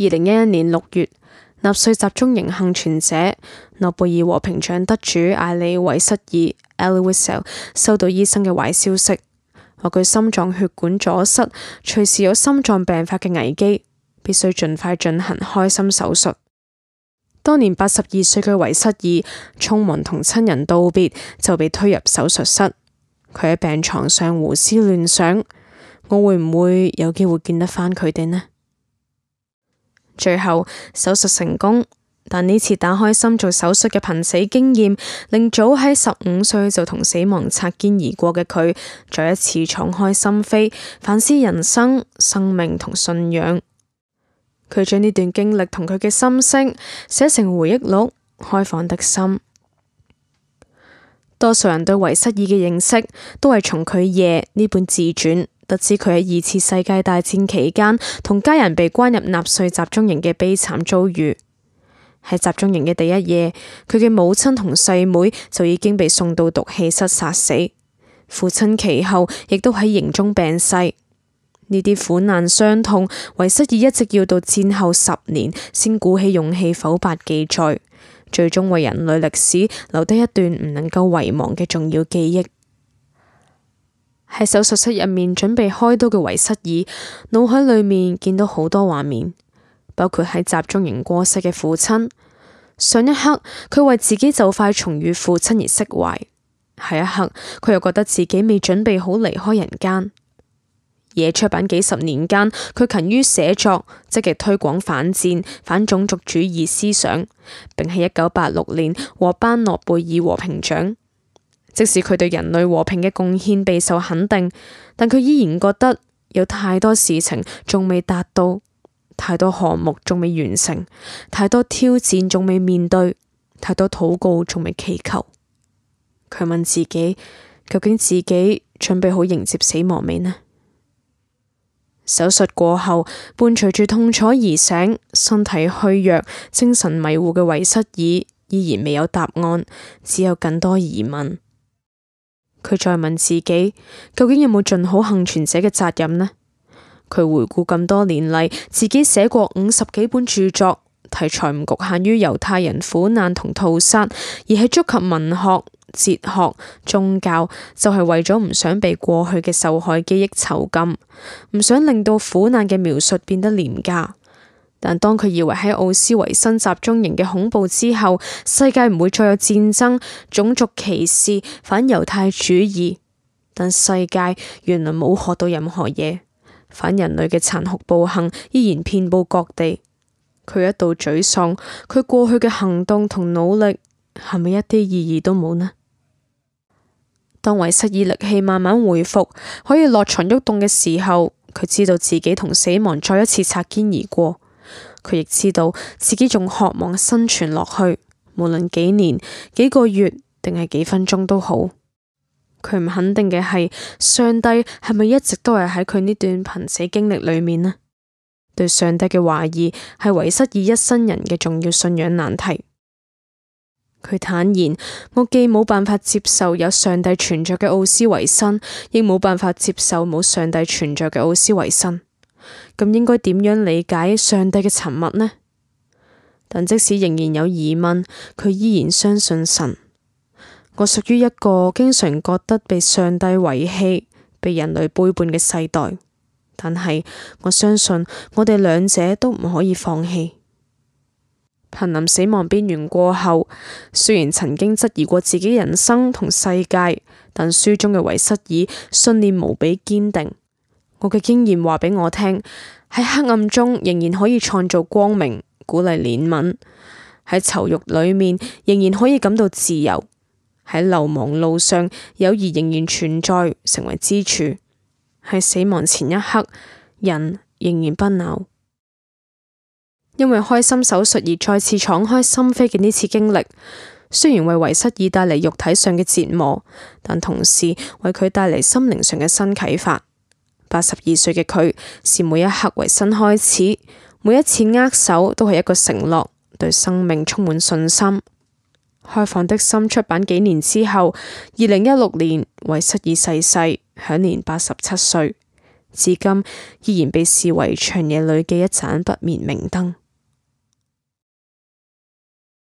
二零一一年六月，納粹集中營幸存者、諾貝爾和平獎得主艾利維瑟爾 （Elie Wiesel） 收到醫生嘅壞消息，話佢心臟血管阻塞，隨時有心臟病發嘅危機，必須盡快進行開心手術。當年八十二歲嘅維瑟爾匆忙同親人道別，就被推入手術室。佢喺病床上胡思亂想：我會唔會有機會見得返佢哋呢？最後，手術成功，但呢次打開心做手術嘅瀕死經驗，令早喺十五歲就同死亡擦肩而過嘅佢，再一次敞開心扉，反思人生、生命同信仰。佢將呢段經歷同佢嘅心聲寫成回憶錄《開放的心》。多數人對維瑟爾嘅認識，都係從佢夜呢本自傳。得知佢喺二次世界大戰期間同家人被關入納粹集中營嘅悲慘遭遇。喺集中營嘅第一夜，佢嘅母親同細妹就已經被送到毒氣室殺死，父親其後亦都喺營中病逝。呢啲苦難傷痛，維瑟爾一直要到戰後十年先鼓起勇氣剖白記載，最終為人類歷史留低一段唔能夠遺忘嘅重要記憶。喺手術室入面準備開刀嘅維瑟爾，腦海裏面見到好多畫面，包括喺集中營過世嘅父親。上一刻佢為自己就快重遇父親而釋懷，下一刻佢又覺得自己未準備好離開人間。夜出版幾十年間，佢勤於寫作，積極推廣反戰、反種族主義思想，並喺一九八六年獲頒諾貝爾和平獎。即使佢對人類和平嘅貢獻備受肯定，但佢依然覺得有太多事情仲未達到，太多項目仲未完成，太多挑戰仲未面對，太多禱告仲未祈求。佢問自己：究竟自己準備好迎接死亡未呢？手術過後，伴隨住痛楚而醒，身體虛弱、精神迷糊嘅維瑟爾依然未有答案，只有更多疑問。佢再問自己，究竟有冇盡好倖存者嘅責任呢？佢回顧咁多年嚟，自己寫過五十幾本著作，題材唔局限於猶太人苦難同屠殺，而係觸及文學、哲學、宗教，就係為咗唔想被過去嘅受害記憶囚禁，唔想令到苦難嘅描述變得廉價。但當佢以為喺奧斯維辛集中營嘅恐怖之後，世界唔會再有戰爭、種族歧視、反猶太主義，但世界原來冇學到任何嘢，反人類嘅殘酷暴行依然遍布各地。佢一度沮喪，佢過去嘅行動同努力係咪一啲意義都冇呢？當維瑟爾力氣慢慢恢復，可以落床喐動嘅時候，佢知道自己同死亡再一次擦肩而過。佢亦知道自己仲渴望生存落去，無論幾年、幾個月定係幾分鐘都好。佢唔肯定嘅係上帝係咪一直都係喺佢呢段瀕死經歷裏面呢？對上帝嘅懷疑係維瑟爾一生人嘅重要信仰難題。佢坦言：我既冇辦法接受有上帝存在嘅奧斯維辛，亦冇辦法接受冇上帝存在嘅奧斯維辛。咁應該點樣理解上帝嘅沉默呢？但即使仍然有疑問，佢依然相信神。我屬於一個經常覺得被上帝遺棄、被人類背叛嘅世代，但係我相信我哋兩者都唔可以放棄。瀕臨死亡邊緣過後，雖然曾經質疑過自己人生同世界，但書中嘅維瑟爾信念無比堅定。我嘅經驗話俾我聽，喺黑暗中仍然可以創造光明，鼓勵憐憫；喺囚獄裏面仍然可以感到自由；喺流亡路上，友誼仍然存在，成為支柱；喺死亡前一刻，人仍然不朽。因為開心手術而再次敞開心扉嘅呢次經歷，雖然為維瑟爾帶嚟肉體上嘅折磨，但同時為佢帶嚟心靈上嘅新啟發。八十二歲嘅佢，視每一刻為新開始，每一次握手都係一個承諾，對生命充滿信心。開放的心出版幾年之後，二零一六年維瑟爾逝世，享年八十七歲，至今依然被視為長夜裏嘅一盞不滅明燈。